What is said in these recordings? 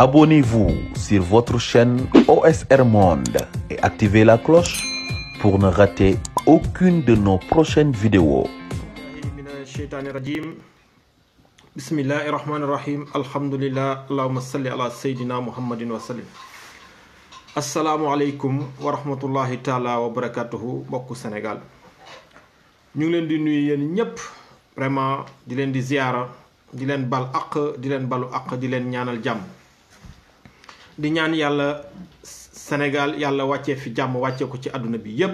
Abonnez-vous sur votre chaîne OSR Monde et activez la cloche pour ne rater aucune de nos prochaines vidéos. bismillahi rahmaani rahim alhamdulilah allahuma salli ala sayyidina muhammadin wa sallim asalaamualeykum wa rahmatullahi taala wa barakatuhu mbokku Sénégal ñu ngi leen di nuyu yéen ñépp vraiment di leen di ziyaara di leen bal aq di leen balu aq di leen ñaanal jàmm di ñaan yàlla Sénégal yàlla wàccee fi jàmm wàccee ko ci àdduna bi yépp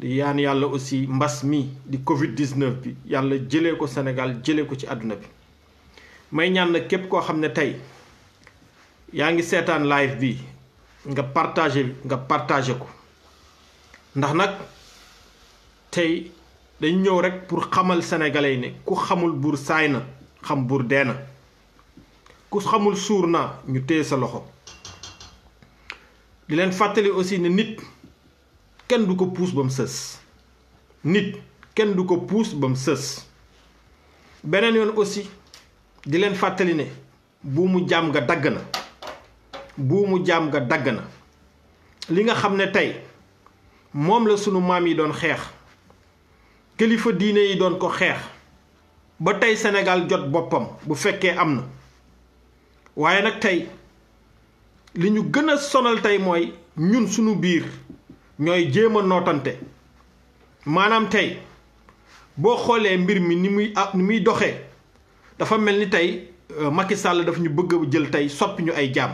di ñaan yàlla aussi mbas mi di Covid 19 bi yàlla jëlee ko Sénégal jëlee ko ci àdduna bi may ñaan nag képp koo xam ne tey yaa ngi seetaan live bi nga partagé nga partagé ko ndax nag tey dañ ñëw rek pour xamal sénégalais yi ne ku xamul buur saay na xam buur dee na ku xamul suur naa ñu téye sa loxo di leen fàttali aussi ne nit kenn du ko puus ba mu sës nit kenn du ko puus ba mu sës beneen yoon aussi di leen fàttali ne buumu jaam nga dagg na buumu jaam nga dagg na li nga xam ne tey moom la sunu maam yi doon xeex kilifa diine yi doon ko xeex ba tey senegal jot boppam bu fekkee am na waaye nag tey li ñu gën a sonal tey mooy ñun suñu biir ñooy jéem a nootante maanaam tey boo xoolee mbir mi ni muy ah, ni muy doxee dafa mel ni tey euh, Macky Sall daf ñu bëgg a jël tey soppi ñu ay jàmm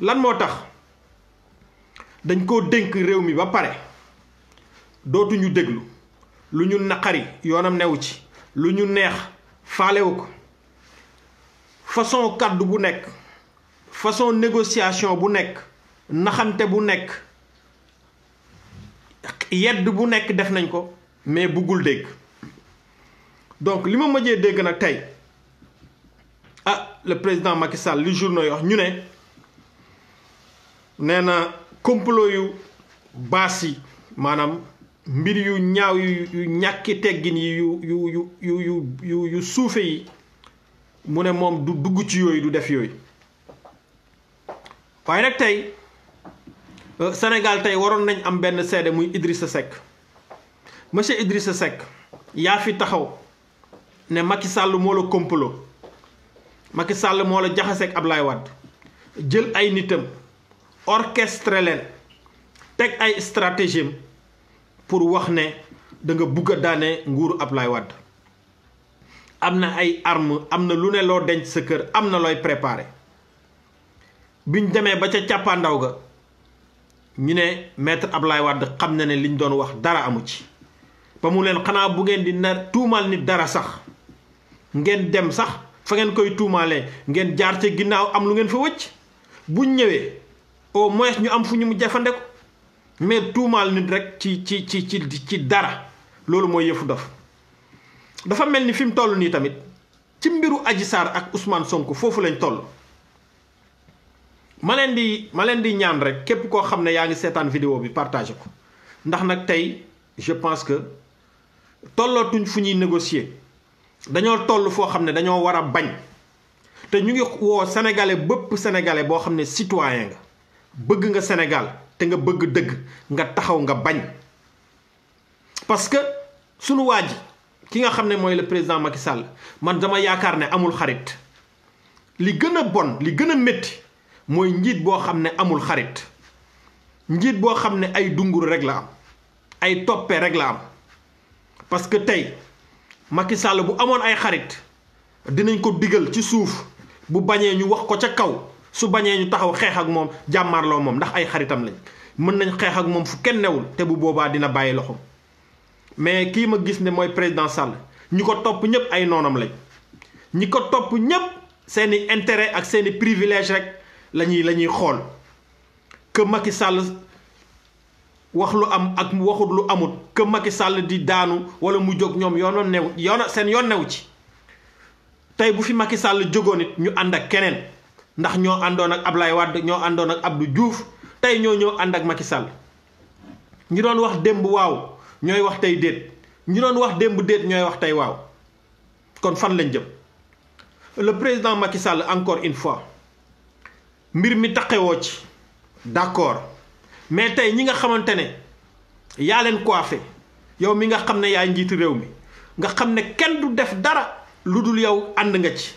lan moo tax dañ koo dénk réew mi ba pare dootuñu déglu lu ñu naqari yoonam newu ci lu ñu neex faalewu ko façon kàddu bu nekk façon négociation bu nekk naxante bu nekk yedd bu nekk def nañ ko mais buggul dégg donc li ma mëjee dégg nag tey ah le président Macky Sall li journaux yi wax ñu ne nee na complot yu baas yi maanaam mbir yu ñaaw yu ñàkki teggin yi yu yu yu yu yu yu suufe yi mu ne moom du dugg ci yooyu du def yooyu waaye nag tey euh, Sénégal tey waroon nañ am benn seede muy Idrissa Seck monsieur Idrissa Seck yaa fi taxaw ne Macky Sall moo la complot Macky Sall moo la jaxaseeg lay Wade jël ay nitam orchestré teg ay stratégie pour wax ne danga bugg a daane nguuru Ablaye Wade am na ay arm am na lu ne loo denc sa kër am na looy préparer biñ demee ba ca càppaandaw ga ñu ne ab Ablaye Wade xam na ne liñ doon wax dara amu ci ba mu leen xanaa bu ngeen di nar tuumaal nit dara sax ngeen dem sax fa ngeen koy tuumaalee ngeen jaar ca ginnaaw am lu ngeen fa wëcc buñ ñëwee au moins ñu am fu ñu mu jafande ko mais tuumaal nit rek ci ci ci ci ci dara loolu mooy yëfu dof dafa mel ni fi mu toll nii tamit ci mbiru Adji Sarr ak Ousmane sonk foofu lañ toll ma leen di ma leen di ñaan rek képp koo xam ne yaa ngi seetaan vidéo bi partagé ko ndax nag tey je pense que tollootuñ fu ñuy négocier dañoo toll foo xam ne dañoo war a bañ te ñu ngi woo sénégalais bépp sénégalais boo xam ne citoyen nga bëgg nga Sénégal te nga bëgg dëgg nga taxaw nga bañ parce que sunu waa ji ki nga xam ne mooy la président Macky Sall man dama yaakaar ne amul xarit li gën a bon li gën a métti mooy njiit boo xam ne amul xarit njiit boo xam ne ay dungur rek la am ay toppe rek la am parce que tey Macky Sall bu amoon ay xarit dinañ ko digal ci suuf bu bañee ñu wax ko ca kaw su bañee ñu taxaw xeex ak moom jàmmaarloo moom ndax ay xaritam lañ mën nañ xeex ak moom fu kenn newul te bu boobaa dina bàyyi loxoom. mais kii ma gis ne mooy président Sall ñi ko topp ñëpp ay noonam lañ ñi ko topp ñëpp seeni intérêt ak seeni privilège rek lañuy la ñuy xool que Macky sàll wax lu am ak waxut lu amut que Macky Sall di daanu wala mu jóg ñoom yoonoon new yoona seen yoon new ci tey bu fi Macky sàll jógoon it ñu ànd ak keneen ndax ñoo àndoon ak Ablaye Wade ñoo àndoon ak Abdou Diouf tey ñoo ñëw ànd ak Macky sàll ñi doon wax démb waaw ñooy wax tey déet ñu doon wax démb déet ñooy wax tey waaw kon fan lañ jëm le président Macky Sall encore une fois mbir mi taqewoo ci d'accord mais tey ñi nga xamante ne yaa leen coiffé yow mi nga xam ne yaay njiitu réew mi nga xam ne kenn du def dara lu dul yow ànd nga ci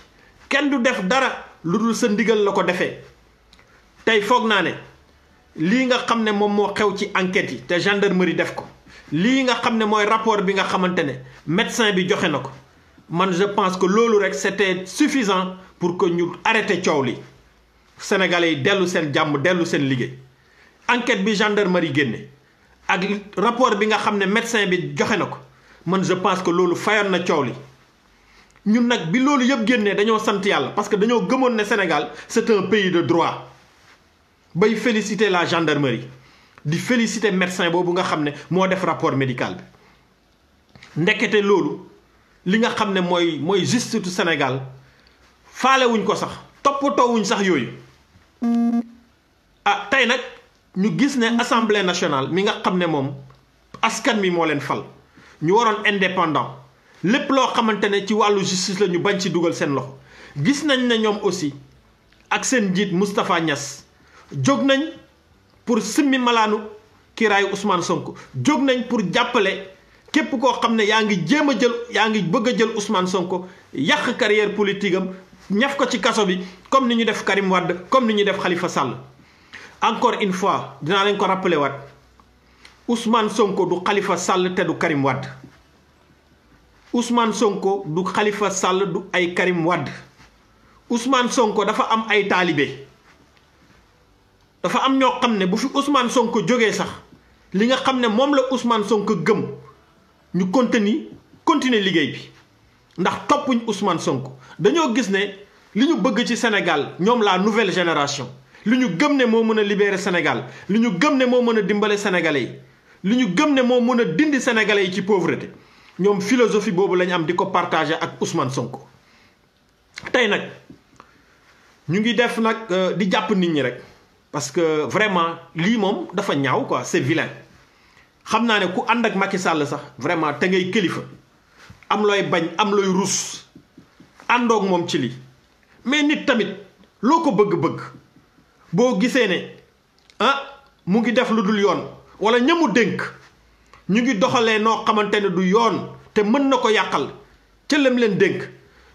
kenn du def dara lu dul sa ndigal la ko defee tey foog naa ne lii nga xam ne moom moo xew ci enquête yi te gendarmerie def ko lii nga xam ne mooy rapport bi nga xamante ne médecin bi joxe na ko man je pense que loolu rek c'était suffisant pour que ñu arrêté coow li Sénégalais yi dellu seen jàmm dellu seen liggéey enquête bi gendarmerie génne ak rapport bi nga xam ne médecin bi joxe na ko man je pense que loolu fayoon na coow li ñun nag bi loolu yëpp génnee dañoo sant yàlla parce que dañoo gëmoon ne Sénégal c'est un pays de droit bay féliciter la gendarmerie di féliciter médecin boobu nga xam ne moo def rapport médical bi ndekete loolu li nga xam ne mooy mooy justice du Sénégal faalewuñ ko sax toppatoowuñ sax yooyu ah tey nag ñu gis ne assemblée national mi nga xam ne moom askan mi moo leen fal ñu waroon indépendant lépp loo xamante ne ci wàllu justice la ñu bañ ci dugal seen loxo gis nañ ne ñoom aussi ak seen njiit Moustapha Niass jóg nañ pour simmi malaanu kiiraayu Ousmane Sonko jóg nañ pour jàppale képp koo xam ne yaa ngi jéem a jël yaa ngi bëgg a jël Ousmane Sonko yàq carrière politique am ñaf ko ci kaso bi comme ni ñu def Karim wàdd comme ni ñu def Khalifa Sall encore une fois dinaa leen ko rappelé waat Ousmane Sonko du xalifa Sall te du Karim wàdd Ousmane Sonko du Khalifa Sall du ay Karim Wade Ousmane Sonko dafa am ay taalibe. dafa am ñoo xam ne bu fi Ousmane ko jógee sax li nga xam ne moom la Ousmane Sonko gëm ñu continuer continuer liggéey bi ndax toppuñ Ousmane sonk dañoo gis ne li ñu bëgg ci Sénégal ñoom laa nouvelle génération li ñu gëm ne moo mën a libérer Sénégal li ñu gëm ne moo mën a dimbale sénégalais li ñu gëm ne moo mën a dindi sénégalais yi ci pauvreté ñoom philosophie boobu lañu am di ko partager ak Ousmane Sonko. tey nag ñu ngi def nag euh, di jàpp nit ñi rek. parce que vraiment lii moom dafa ñaaw ko c'est vilain xam naa ne ku ànd ak Macky Sall sax vraiment te ngay kilifa am looy bañ am looy rus àndoog moom ci li mais nit tamit loo ko bëgg-bëgg boo gisee ne ah mu ngi def lu dul yoon wala ñamu dénk ñu ngi doxalee noo xamante ne du yoon te mën na ko yàqal ca lem leen dénk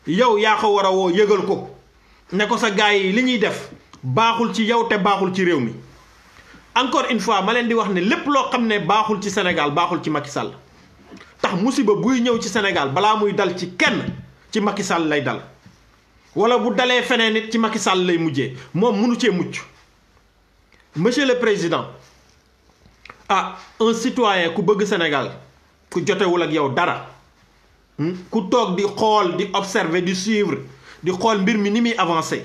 yow yaa ko war a woo yëgal ko ne ko sa gars yi li ñuy def baaxul ci yow te baaxul ci réew mi encore une fois ma leen di wax ne lépp loo xam ne baaxul ci Sénégal baaxul ci Macky Sall tax musiba buy ñëw ci Sénégal balaa muy dal ci kenn ci Macky Sall lay dal wala bu dalee feneen it ci Macky Sall lay mujjee moom mënu cee mucc monsieur le président ah un citoyen ku bëgg Sénégal ku jotewul ak yow dara hmm, ku toog di xool di observer di suivre di xool mbir mi ni muy avancé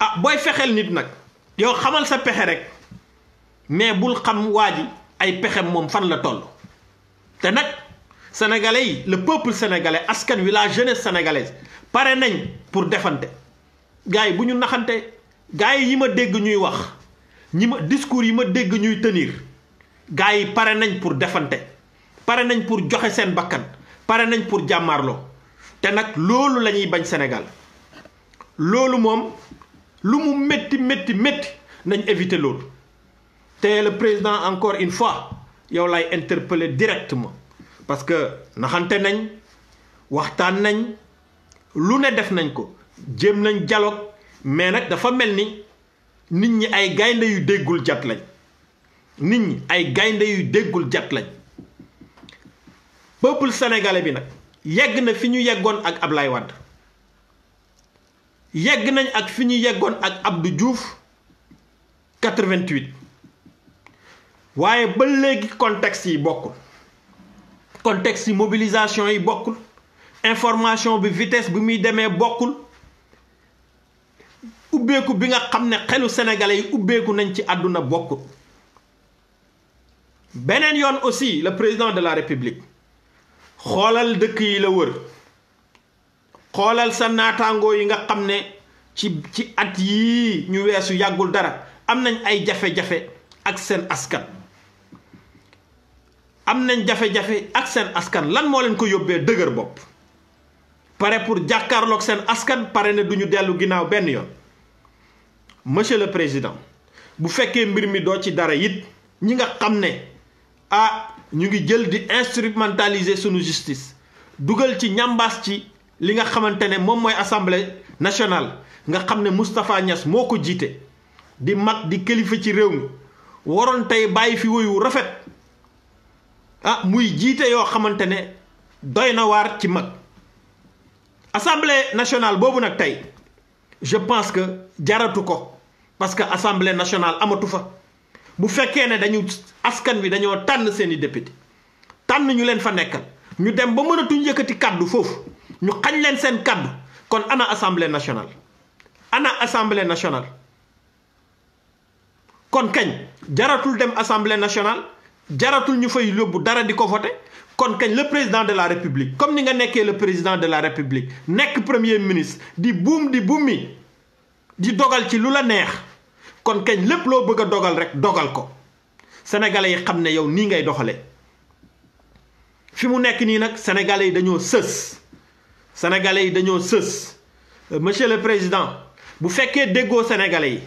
ah booy fexeel nit nag yow xamal sa pexe rek mais bul xam waa ji ay pexe moom fan la toll te nag sénégalais yi le peuple sénégalais askan wi la jeunesse sénégalaise pare nañ pour defante gars yi bu ñu naxante gars yi yi ma dégg ñuy wax ñi ma discours yi ma dégg ñuy tenir gars yi pare nañ pour defante pare nañ pour joxe seen bakkan pare nañ pour jàmmaarloo te nag loolu la ñuy bañ Sénégal loolu moom lu mu métti métti métti nañ invité loolu te le président encore une fois yow lay interpeller directement parce que naxante nañ waxtaan nañ lu ne def nañ ko jéem nañ dialogue mais nag dafa mel ni nit ñi ay gaynde yu déggul jat lañ nit ñi ay gaynde yu déggul jat lañ peuple sénégalais bi nag yegg na fi ñu yeggoon ak Ablaye Wade yegg nañ ak fi ñu yeggoon ak Abdou Diouf 88 waaye ba léegi contexte yi bokkul contexte yi mobilisation yi bokkul information bi vitesse bi muy demee bokkul ubbeeku bi nga xam ne xelu sénégalais yi ubbeeku nañ ci àdduna bokkul beneen yoon aussi la président de la république xoolal dëkk yi la wër xoolal sa naataangoo yi nga xam ne ci ci at yii ñu weesu yàggul dara am nañ ay jafe-jafe ak seen askan am nañ jafe-jafe ak seen askan lan moo leen ko yóbbee dëgër bopp pare pour jàkkaarlook seen askan pare ne duñu dellu ginnaaw benn yoon mosieur le président bu fekkee mbir mi doo ci dara it ñi nga xam ne ah ñu ngi jël di instrumentaliser sunu justice dugal ci ñambaas ci li nga xamante ne moom mooy assemblée nationale nga xam ne Moustapha Niass moo ko jiite di mag di kilifa ci réew mi waroon tey bàyyi fi woyu rafet ah muy jiite yoo xamante ne doy na waar ci mag assemblée nationale boobu nag tey je pense que jaratu ko parce que assemblée nationale amatu fa bu fekkee ne dañu askan wi dañoo tànn seeni député tànn ñu leen fa nekkal ñu dem ba mënatuñ yëkkati kàddu foofu ñu xañ leen seen kàddu kon ana assemblée nationale ana assemblée nationale kon kañ jaratul dem assemblée nationale jaratul ñu fay yóbbu dara di ko voté kon kañ le président de la république comme ni nga nekkee le président de la république nekk premier ministre di buum di mi di dogal ci lu la neex kon kañ lépp loo bëgg a dogal rek dogal ko sénégalais yi xam ne yow nii ngay doxalee fi mu nekk nii nag sénégalais yi dañoo sës sénégalais yi dañoo sës euh, monsieur le président bu fekkee déggoo sénégalais yi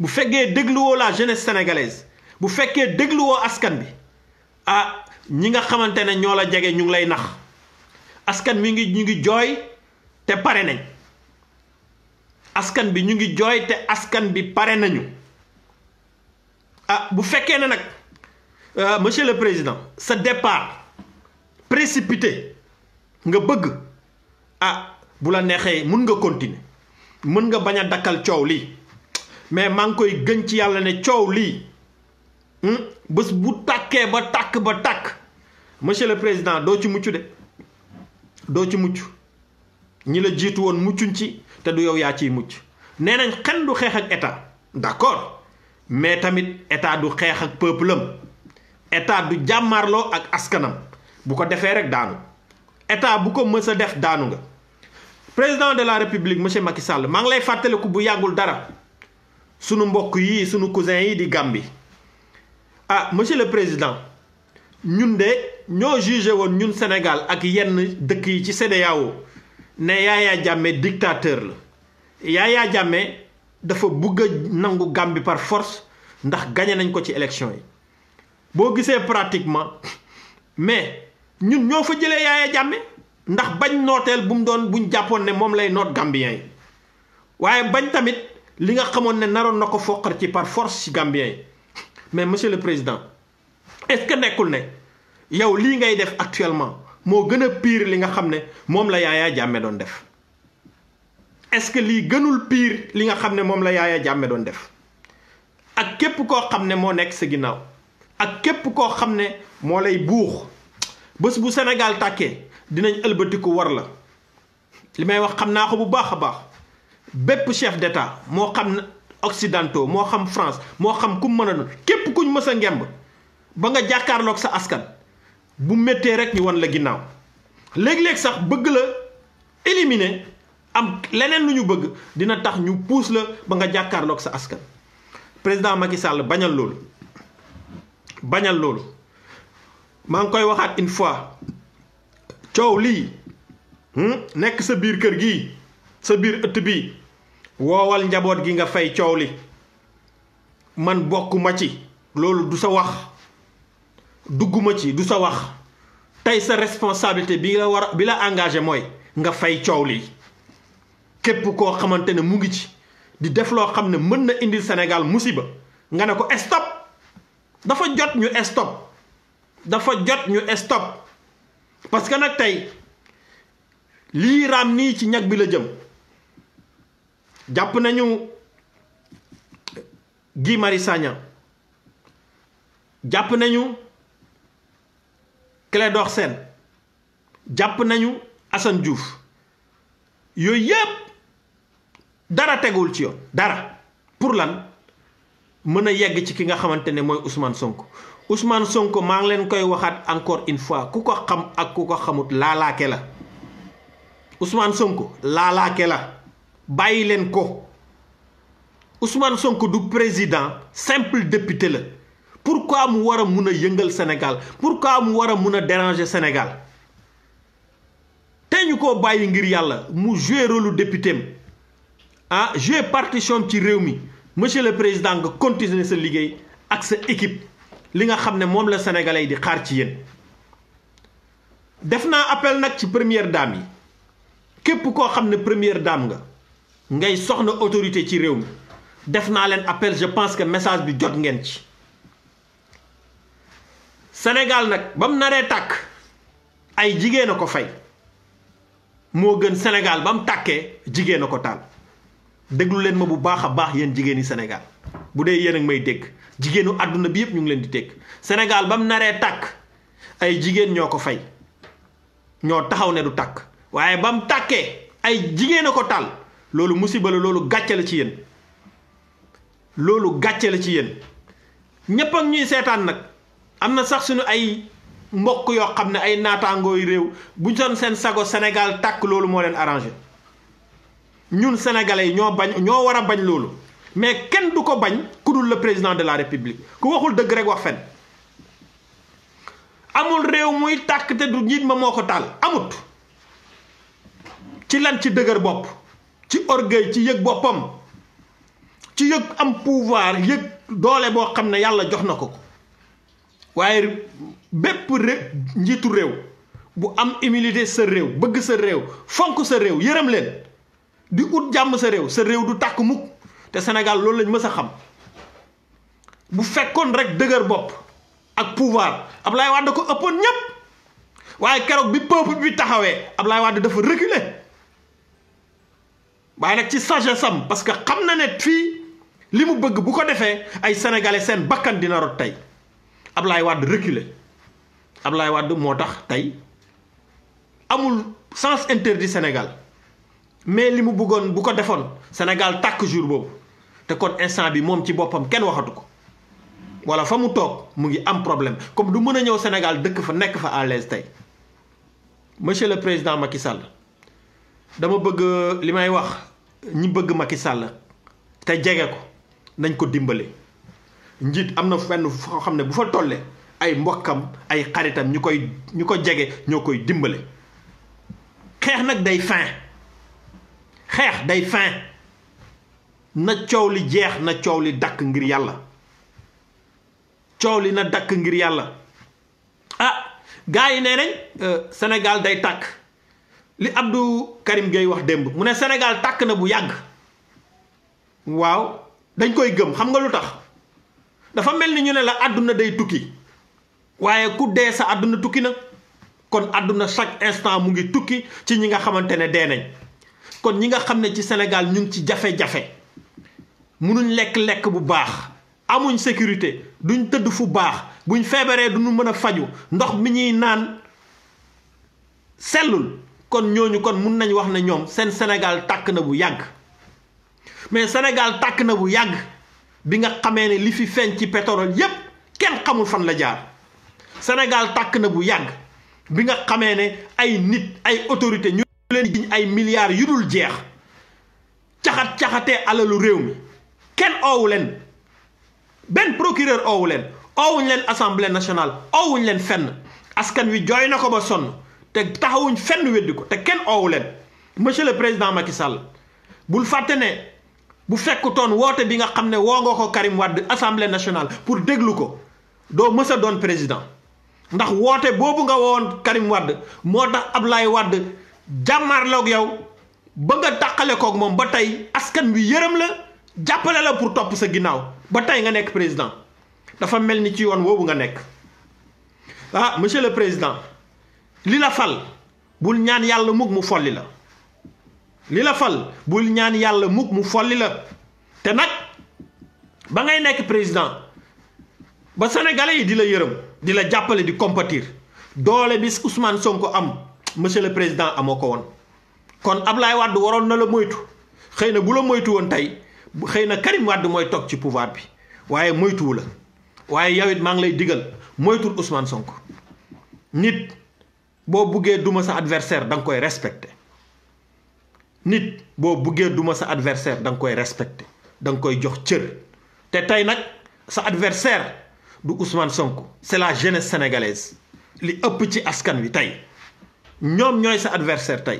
bu fekkee dégluwoo la jeunesse sénégalaise bu fekkee dégluwoo askan bi ah ñi nga xamante ne ñoo la jege ñu ngi lay nax askan mi ngi ñu ngi jooy te pare nañ askan bi ñu ngi jooy te askan bi pare nañu ah bu fekkee ne nag euh, monsieur le président sa départ précipité nga bëgg ah bu la neexee mun nga continuer mën nga bañ a dakkal coow lii mais maa ngi koy gën ci yàlla ne coow lii hmm, bés bu tàkkee ba tàkk ba tàkk monsieur le président doo ci mucc de doo ci mucc ñi la jiitu woon muccuñ ci te du yow yaa ciy mucc nee nañ xen du xeex ak état d'accord mais tamit état du xeex ak peuple am état du jàmmarloo ak askanam bu ko defee rek daanu état bu ko mësa a def daanu nga président de la république monsieur Macky Sall maa ngi lay fàttaliku bu yàggul dara sunu mbokk yi sunu cousin yi di Gambie ah monsieur le président ñun de ñoo jugé woon ñun Sénégal ak yenn dëkk yi ci CEDEAO ne Yaya Jammeh dictateur la Yaya Jammeh dafa bugg a nangu Gambie par force ndax gañe nañ ko ci élection yi boo gisee pratiquement mais ñun ñoo fa jëlee Yaya jàmme ndax bañ nooteel bu mu doon buñ jàppoon ne moom lay noot gambien yi waaye bañ tamit li nga xamoon ne naroon na ko foqar ci par force ci gambien yi mais monsieur le président est que nekkul ne yow lii ngay def actuellement moo gën a pire li nga xam ne moom la Yaya Jammeh doon def est-ce que lii gënul piir li nga xam ne moom la Yaya Jammeh doon def ak képp koo xam ne moo nekk sa ginnaaw ak képp koo xam ne moo lay buux bës bu Sénégal tàkkee dinañ ëlbatiku war la li may wax xam naa ko bu baax a baax bépp chef d'état moo xam occidentaux moo xam France moo xam ku mën a doon képp kuñ mës a ngemb ba nga jàkkaarlook sa askan bu méttee rek ñu wan la ginnaaw léeg-léeg sax bëgg la éliminer am leneen lu ñu bëgg dina tax ñu puus la ba nga jàkkaarloog sa askan président Macky Sall bañal loolu bañal loolu maa ngi koy waxaat une fois coow lii hmm? nekk sa biir kër gi sa biir ëtt bi woowal njaboot gi nga fay coow li man bokkuma ci loolu du sa wax dugguma ci du sa wax tey sa responsabilité bi la war bi la engagé mooy nga fay coow lii képp koo xamante ne mu ngi ci di def loo xam ne mën na indil Sénégal musiba nga ne ko stop dafa jot ñu stop dafa jot ñu stop parce que nag tey lii raam nii ci ñag bi la jëm jàpp nañu Guy Marius jàpp nañu Clédor seen jàpp nañu Assane juuf yooyu yëpp dara tegul ci yoon dara pour lan mën a yegg ci ki nga xamante ne mooy Ousmane Sonko Ousmane Sonko maa ngi leen koy waxaat encore une fois ku ko xam ak ku ko xamut laalaake la Ousmane Sonko laalaake la bàyyi leen ko Ousmane Sonko du président simple député la pourquoi mu war a mun a yëngal Sénégal pourquoi mu war a mun a déranger Sénégal te ñu ko bàyyi ngir yàlla mu joué rôle lu député ah joué partition ci réew mi monsieur le président nga continuer sa liggéey ak sa équipe. li nga xam ne moom la sénégalais yi di xaar ci yéen def naa appel nag ci première dame yi képp koo xam ne première dame nga ngay soxna autorité ci réew mi def naa leen appel je pense que message bi jot ngeen ci Sénégal nag ba mu naree tàkk ay jigéen a ko fay moo gën Sénégal ba mu tàkkee jigéen a ko taal déglu leen ma bu baax a baax yéen jigéeni Sénégal bu dee yéen a may dégg jigéenu àdduna bi yëpp ñu ngi leen di dégg senegal ba mu naree tàkk ay jigéen ñoo ko fay ñoo taxaw ne du tàkk waaye ba mu tàkkee ay jigéen a ko tàll loolu musiba la loolu gàcce la ci yéen loolu gàcce la ci yéen ñépp ak ñuy seetaan nag am na sax suñu ay mbokk yoo xam ne ay naataangooy réew buñ doon seen sago senegal tàkk loolu moo leen arrangé ñun sénégalais yi ñoo bañ ñoo war a bañ loolu mais kenn du ko bañ ku la président de la république ku waxul dëgg rek wax fen amul réew muy tàkk te du njiit ma moo ko taal amut ci lan ci dëgër bopp ci orgueil ci yëg boppam ci yëg am pouvoir yëg doole boo xam ne yàlla jox na ko ko waaye bépp ré njiitu réew bu am humilité sa réew bëgg sa réew fonk sa réew yërëm leen di ut jàmm sa réew sa réew du tàkk mukk te Sénégal loolu lañ mës a xam bu fekkoon rek dëgër bopp ak pouvoir Ablaye Wade ko ëppoon ñépp waaye keroog bi peuple bi taxawee Ablaye Wade dafa reculer waaye nag ci sagesse am parce que xam na ne fii li mu bëgg bu ko defee ay sénégalais seen bakkan dina rot tey Ablaye Wade reculer Ablaye Wade moo tax tey amul sens interdit Sénégal mais li mu bëggoon bu ko defoon Sénégal takk jour boobu te kon instant bi moom ci boppam kenn waxatu ko wala fa mu toog mu ngi am problème comme du mën a ñëw senegal dëkk fa nekk fa à l'aise tey monsieur le président Macky Sall dama bëgg li may wax ñi bëgg Macky Sall te jege ko nañ ko dimbale njiit am na fenn foo xam ne bu fa tollee ay mbokkam ay xaritam ñu koy ñu ko jege ñoo koy dimbale xeex nag day fin xeex day fin na coow li jeex na coow li dakk ngir yàlla coow li na dakk ngir yàlla ah gars yi nee nañ euh, Sénégal day tàkk li Abdou Karim Gueye wax démb mu ne Sénégal tàkk na bu yàgg waaw dañ koy gëm xam nga lu tax dafa mel ni ñu ne la àdduna day tukki waaye ku dee sa àdduna tukki na kon àdduna chaque instant mu ngi tukki ci ñi nga xamante ne dee nañ kon ñi nga xam ne ci Sénégal ñu ngi ci jafe-jafe munuñ lekk-lekk bu baax amuñ sécurité duñ tëdd fu baax buñu feebaree duñu mën a faju ndox mi ñuy naan sellul kon ñooñu kon mun nañ wax ne ñoom seen senegal tàkk na bu yàgg mais Sénégal tàkk na bu yàgg bi nga xamee ne li fi feeñ ci pétrole yépp kenn xamul fan la jaar Sénégal tàkk na bu yàgg bi nga xamee ne ay nit ay autorité ñu leen ay milliards yu dul jeex caxat-caxatee alalu réew mi kenn oowu leen benn procureur oowu leen oowuñ leen assemblée nationale oowuñ leen fenn askan wi jooy na ko ba sonn te taxawuñ fenn weddi ko te kenn oowu leen monsieur le président Macky Sall bul fàtte ne bu fekkutoon woote bi nga xam ne woo nga ko Karim wàdd assemblée nationale pour déglu ko doo mës doon président ndax woote boobu nga woon Karim wàdd moo tax Ablaye wàdd jàmmarloog yow ba nga tàqale koog moom ba tey askan wi yërëm la. jàppale la pour topp sa ginnaaw ba tey nga nekk président dafa mel ni ci yoon woowu nga nekk ah monsieur le président li la fal bul ñaan yàlla mukk mu folli la li la fal ñaan yàlla mukk mu folli la te nag ba ngay nekk président ba sénégalais yi di la yërëm di la jàppale di compatir doole bi Ousmane Sonko am monsieur le président amoo ko woon kon Ablaye Wade waroon na la moytu xëy na bu la moytu woon tey bu xëy na Karim Wade mooy toog ci pouvoir bi waaye moytuwu la waaye yow it maa ngi lay diggal moytul Ousmane Sonko nit boo buggee duma sa adversaire da nga koy respecté nit boo buggee duma sa adversaire da nga koy respecté da koy jox cër te tey nag sa adversaire du Ousmane sonk c'est la jeunesse sénégalaise li ëpp ci askan wi tey ñoom ñooy sa adversaire tey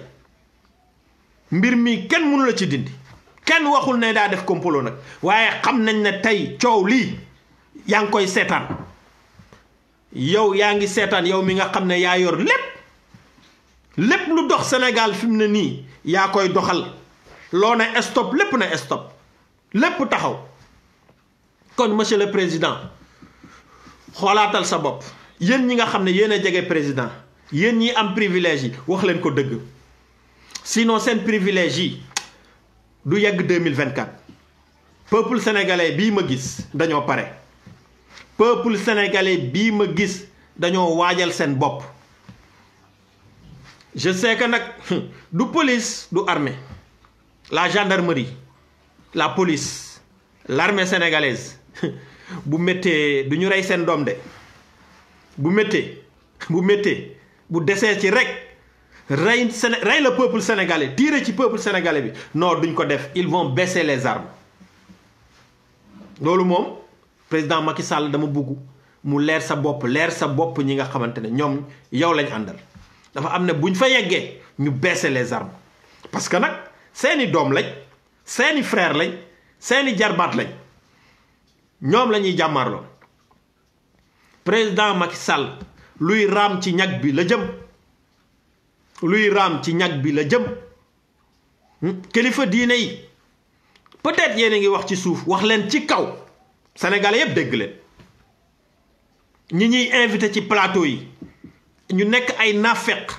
mbir mi kenn mënu la ci dindi kenn waxul ne daa def complot nag waaye xam nañ ne tey coow lii yaa ngi koy seetaan yow yaa ngi seetaan yow mi nga xam ne yaa yor lépp lépp lu dox Sénégal fi mu ne nii yaa koy doxal loo ne stop lépp na stop lépp taxaw kon monsieur le président xoolaatal sa bopp yéen ñi nga xam ne yéen jege président yéen ñi am privilège yi wax leen ko dëgg sinon seen privilège yi du yegg 2024 peuple sénégalais bii ma gis dañoo pare peuple sénégalais bii ma gis dañoo waajal seen bopp je sais que nag du police du armée la gendarmerie la police l'armée sénégalaise bu méttee du ñu rey seen doom de bu méttee bu méttee bu desee ci rekk rey Séné rey la peuple sénégalais tirer ci peuple sénégalais bi noonu duñ ko def ils vont baisser les armes loolu moom président Macky sàll dama bugg mu leer sa bopp leer sa bopp ñi nga xamante ne ñoom yow lañ àndal dafa am ne buñ fa yeggee ñu baisser les armes parce que nag seeni doom lañ seeni frère lañ seeni jarbaat lañ ñoom la ñuy jàmmarloo président Macky Sall luy raam ci ñag bi la jëm. luy raam ci ñag bi la jëm hmm? kilifa diine yi peut-être yéen a ngi wax ci suuf wax leen ci kaw sénégalais yépp dégg leen ñi ñuy invité ci plateau yi ñu nekk ay naafeq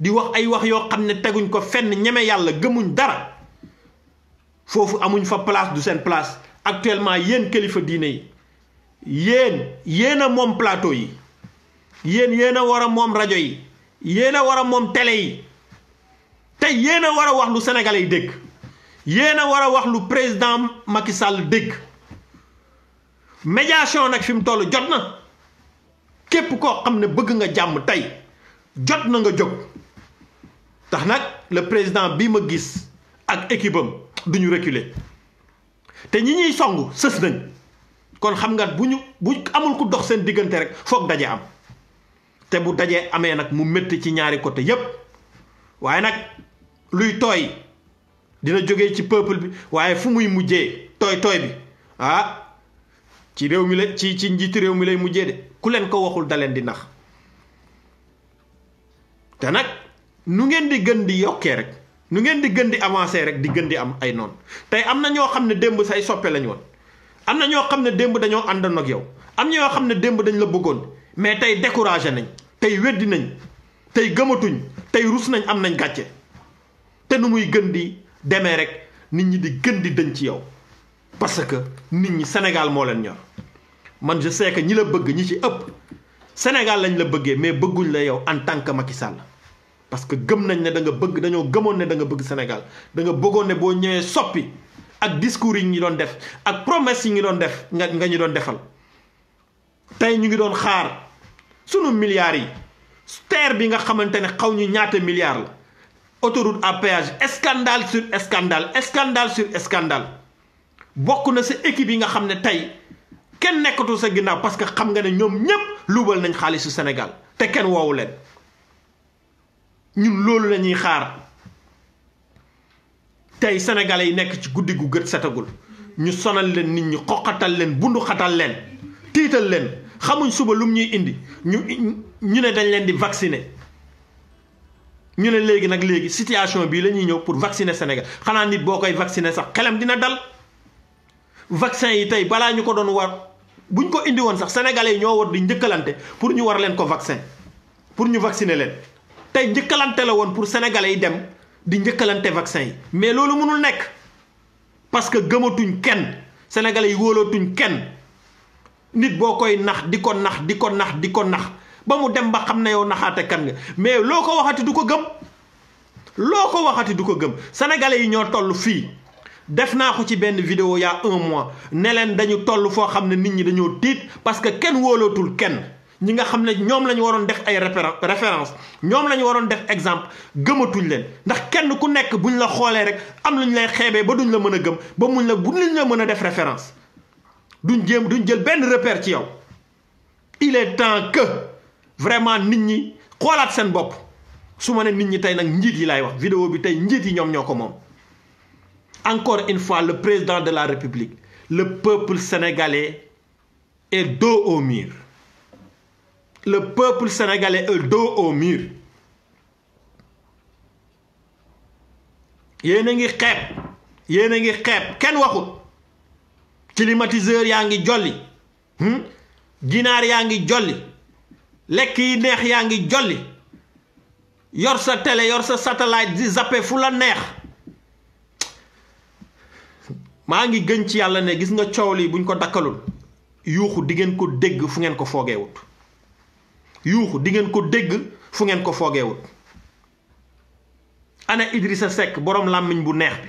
di wax ay wax yoo xam ne teguñ ko fenn ñeme yàlla gëmuñ dara foofu amuñ fa place du seen place actuellement yéen kilifa diine yi yéen yéen a moom plateau yi yéen yéen a war a moom rajo yi yéen a war a moom tele yi te yéen a war a wax lu sénégalais dégg yéen a war a wax lu président Macky Sall dégg médiation nag fi mu toll jot na képp koo xam ne bëgg nga jàmm tey jot na nga jóg tax nag le président bi ma gis ak équipe am du ñu reculer te ñi ñuy song sës nañ kon xam nga bu ñu bu amul ku dox seen diggante rek foog daje am. te bu dajee amee nag mu métti ci ñaari côté yépp waaye nag luy tooy dina jóge ci peuple bi waaye fu muy mujjee tooy tooy bi ah ci réew mi la ci ci njiitu réew mi lay mujjee de ku leen ko waxul da leen di nax te nag nu ngeen di gën di yokkee rek nu ngeen di gën di avancer rek di gën di am ay noon tey am na ñoo xam ne démb say soppe lañ woon am na ñoo xam ne démb dañoo àndoon ak yow am na ñoo xam ne démb dañ la bëggoon mais tey découragé nañ tey weddi nañ tey gëmatuñ tey ruus nañ am nañ gàcce te nu muy gën di demee rek nit ñi di gën di dëñ ci yow parce que nit ñi Sénégal moo leen ñor man je sais ñi la bëgg ñi ci ëpp Sénégal lañ la bëggee mais bëgguñ la yow en tant que Macky Sall parce que gëm nañ ne da nga bëgg dañoo gëmoon ne da nga bëgg Sénégal danga bëggoon ne boo ñëwee soppi ak discours yi ñu doon def ak promesse yi ñu doon def nga nga ñu doon defal tey ñu ngi doon xaar. sunu milliards yi terre bi nga xamante ne xaw ñu ñaata milliards la autoroute à péage scandale sur scandale scandale sur scandale bokk na sa équipe yi nga xam ne tey kenn nekkatul sa ginnaaw parce que xam nga ne ñoom ñépp luubal nañ xaalisu Sénégal te kenn woowu leen ñun loolu la ñuy xaar tey sénégalais yi nekk ci guddi gu gët setagul ñu sonal leen nit ñi xoqatal leen bundu leen tiital leen xamuñ suba lum ñuy indi ñu ñu ne dañ leen di vacciner ñu ne léegi nag léegi situation bii la ñuy ñëw pour vacciner Sénégal xanaa nit boo koy vacciner sax xelam dina dal vaccin yi tey balaa ñu ko doon war buñ ko indi woon sax sénégalais ñoo war di njëkkalante pour ñu war leen ko vaccin pour ñu vacciner leen tey njëkkalante la woon pour sénégalais yi dem di njëkkalante vaccin yi mais loolu mënul nekk parce que gëmatuñ kenn sénégalais yi wóolootuñ kenn nit boo koy nax di ko nax di ko nax di ko nax ba mu dem ba xam ne yow naxaate kan nga mais loo ko waxati du ko gëm loo ko waxati du ko gëm sénégalais yi ñoo toll fii def naa ko ci benn vidéo yaa a un mois ne leen dañu toll foo xam ne nit ñi dañoo tiit parce que kenn wóolootul kenn ñi nga xam ne ñoom la ñu waroon def ay référence ñoom lañu waroon def exemple gëmatuñ leen ndax kenn ku nekk buñ la xoolee rek am lu ñu lay xeebee ba duñ la mën a gëm ba muñ la buñ la mën a def référence duñ jéem duñ jël benn repère ci yow il est temps que vraiment nit ñi xoolaat seen bopp su ma ne nit ñi tey nag njiit yi laay wax vidéo bi tey njiit yi ñoom ñoo ko moom encore une fois le président de la république le peuple sénégalais est dos au mur le peuple sénégalais est dos au mur yéen a ngi xeeb yéen a ngi xeeb kenn waxut climatiseur yaa ngi jolli hmm? ginaar yaa ngi jolli lekk yi neex yaa ngi jolli yor sa télé yor sa satellite di zappe fu la neex maa ngi gën ci yàlla ne gis nga coow lii buñ ko dakkalul yuuxu di ngeen ko dégg fu ngeen ko foogeewut yuuxu dingeen ko dégg fu ngeen ko foogewut ana Idrissa sekk boroom làmmiñ bu neex bi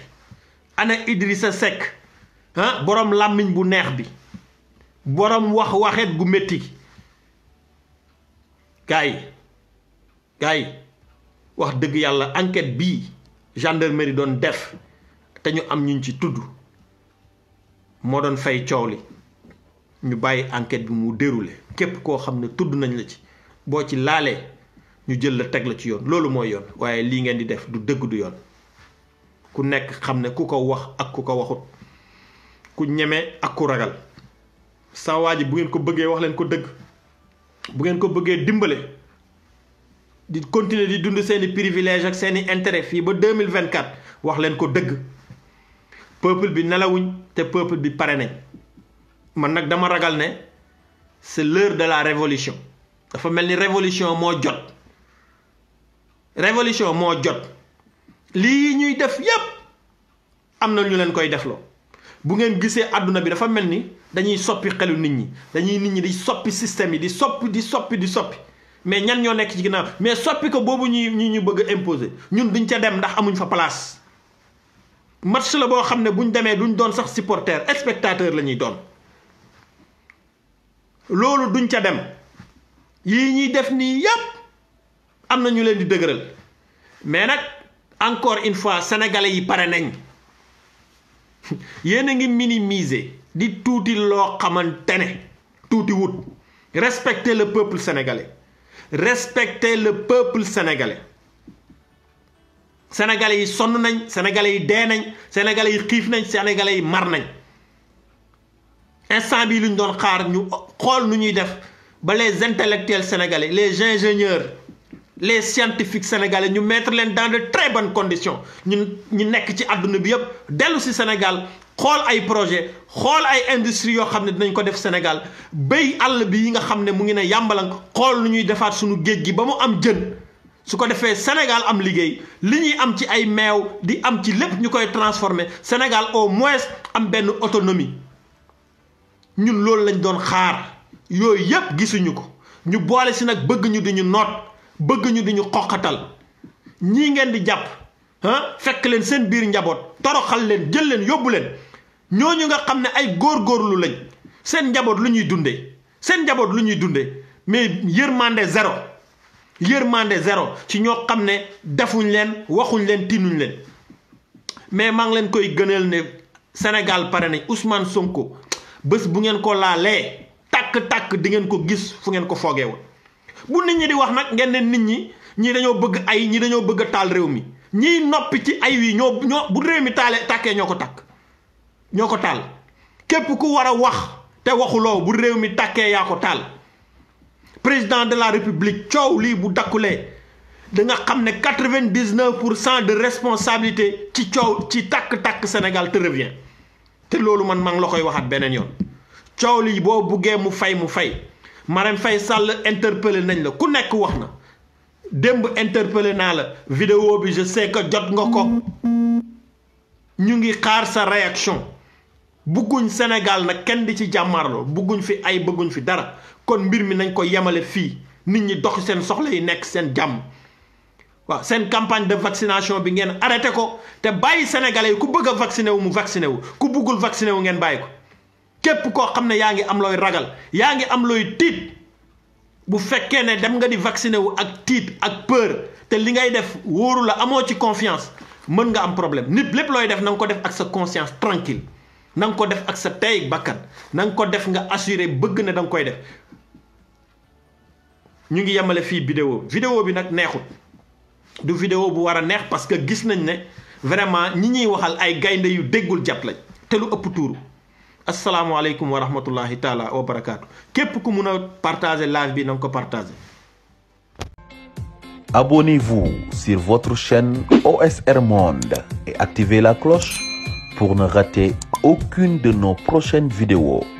ana sa Seck ah borom làmmiñ bu neex bi boroom wax waxet gu métti gaay gaay wax dëgg yàlla enquête bii gendarmerie doon def te ñu am ñuñ ci tudd moo doon fay coow li ñu bàyyi enquête bi mu déroulé képp koo xam ne tudd nañ la ci boo ci laalee ñu jël la teg la ci yoon loolu mooy yoon waaye lii ngeen di def du dëgg du yoon ku nekk xam ne ku ko wax ak ku ko waxut ku ñeme ak ku ragal sa waa ji bu ngeen ko bëggee wax leen ko dëgg bu ngeen ko bëggee dimbale di continuer di dund seeni privilège ak seeni intérêt fii ba 2024 wax leen ko dëgg peuple bi nelawuñ te peuple bi pare ne man nag dama ragal ne c'est l'heure de la révolution dafa mel ni révolution moo jot révolution moo jot lii ñuy def yépp am na ñu leen koy defloo bu ngeen gisee àdduna bi dafa mel ni dañuy soppi xelu nit ñi dañuy nit ñi di soppi système yi di soppi di soppi di soppi mais ñan ñoo nekk ci ginnaaw mais soppi ko boobu ñuy ñu ñu bëgg a ñun duñ ca dem ndax amuñ fa place match la boo xam ne buñ demee duñ doon sax supporter spectateur la ñuy doon loolu duñ ca dem yii ñuy def nii yépp am na ñu leen di dëgëral mais nag encore une fois sénégalais yi pare nañ yéen a ngi minimiser di tuuti loo xamante ne tuuti wut respectez le peuple sénégalais respectez le peuple sénégalais sénégalais yi sonn nañ sénégalais yi dee nañ sénégalais yi xiif nañ sénégalais yi mar nañ instant bii lu doon xaar ñu xool nu ñuy def ba les intellectuels sénégalais les ingénieurs les scientifiques sénégalais ñu mettre leen dans de très bonnes conditions ñun ñu nekk ci àdduna bi yëpp dellu si Sénégal xool ay projet xool ay industrie yoo xam ne dinañ ko def Sénégal béy àll bi yi nga xam ne mu ngi ne yàmbalang xool nu ñuy defaat suñu géej gi ba mu am jën su ko defee Sénégal am liggéey li ñuy am ci ay meew di am ci lépp ñu koy transformer Sénégal au moins am benn autonomie ñun loolu lañ doon xaar yooyu yëpp gisuñu ko ñu boole si nag bëgg ñu noot bëgguñu ñu di ñu xoqatal ñii ngeen di jàpp ah fekk leen seen biir njaboot toroxal leen jël leen yóbbu leen ñooñu nga xam ne ay góor góorlu lañ seen njaboot lu ñuy dundee seen njaboot lu ñuy dundee mais yërmande zéro yërmande zero ci ñoo xam ne defuñ leen waxuñ leen tinuñ leen mais maa ngi leen koy gënal ne Sénégal pare nañ Ousmane Sonko bés bu ngeen ko laalee tàkk-tàkk di ngeen ko gis fu ngeen ko foogee bu nit ñi di wax nag ngeen ne nit ñi ñii dañoo bëgg ay ñii dañoo bëgg a taal réew mi ñii noppi ci ay wi ñoo bu réew mi taalee tàkkee ñoo ko takk ñoo ko taal képp ku war a wax te waxuloo bu réew mi tàkkee yaa ko taal président de la république coow lii bu dakkulee danga xam ne quatre vingt pour cent de responsabilité ci coow ci takk takk Sénégal te revient te loolu man maa la koy waxaat beneen yoon coow lii boo buggee mu fay mu fay Marème fay sàll interpellé nañ la ku nekk wax na démb interpellé naa la vidéo bi je sais que jot nga ko ñu ngi xaar sa réaction bugguñ Sénégal nag kenn di ci jàmmarloo bugguñ fi ay bëgguñ fi dara kon mbir mi nañ ko yemale fii nit ñi dox seen soxla yi nekk seen jàmm waaw seen campagne de vaccination bi ngeen arrêté ko te bàyyi sénégalais yi ku bëgg a vacciné wu mu vacciné wu ku buggul vacciné wu ngeen bàyyi ko képp koo xam ne yaa ngi am looy ragal yaa ngi am looy tiit bu fekkee ne dem nga di vacciné wu ak tiit ak peur te li ngay def wóoru la amoo ci confiance mën nga am problème nit lépp looy def na nga ko def ak sa conscience tranquille nanga nga ko def ak sa tey bakkan na nga ko def nga assuré bëgg ne da nga koy def ñu ngi yemale fii vidéo vidéo bi nag neexul du vidéo bu war a neex parce que gis nañ ne vraiment ñi ñuy waxal ay gaynde yu déggul jàpp lañ te lu ëpp asalaamaaleykum wa rahmatullahi taala képp ku mun a partager bi na ko partager. Abonnez-vous sur votre chaîne OSR Monde et activez la cloche pour ne rater aucune de nos prochaines vidéos.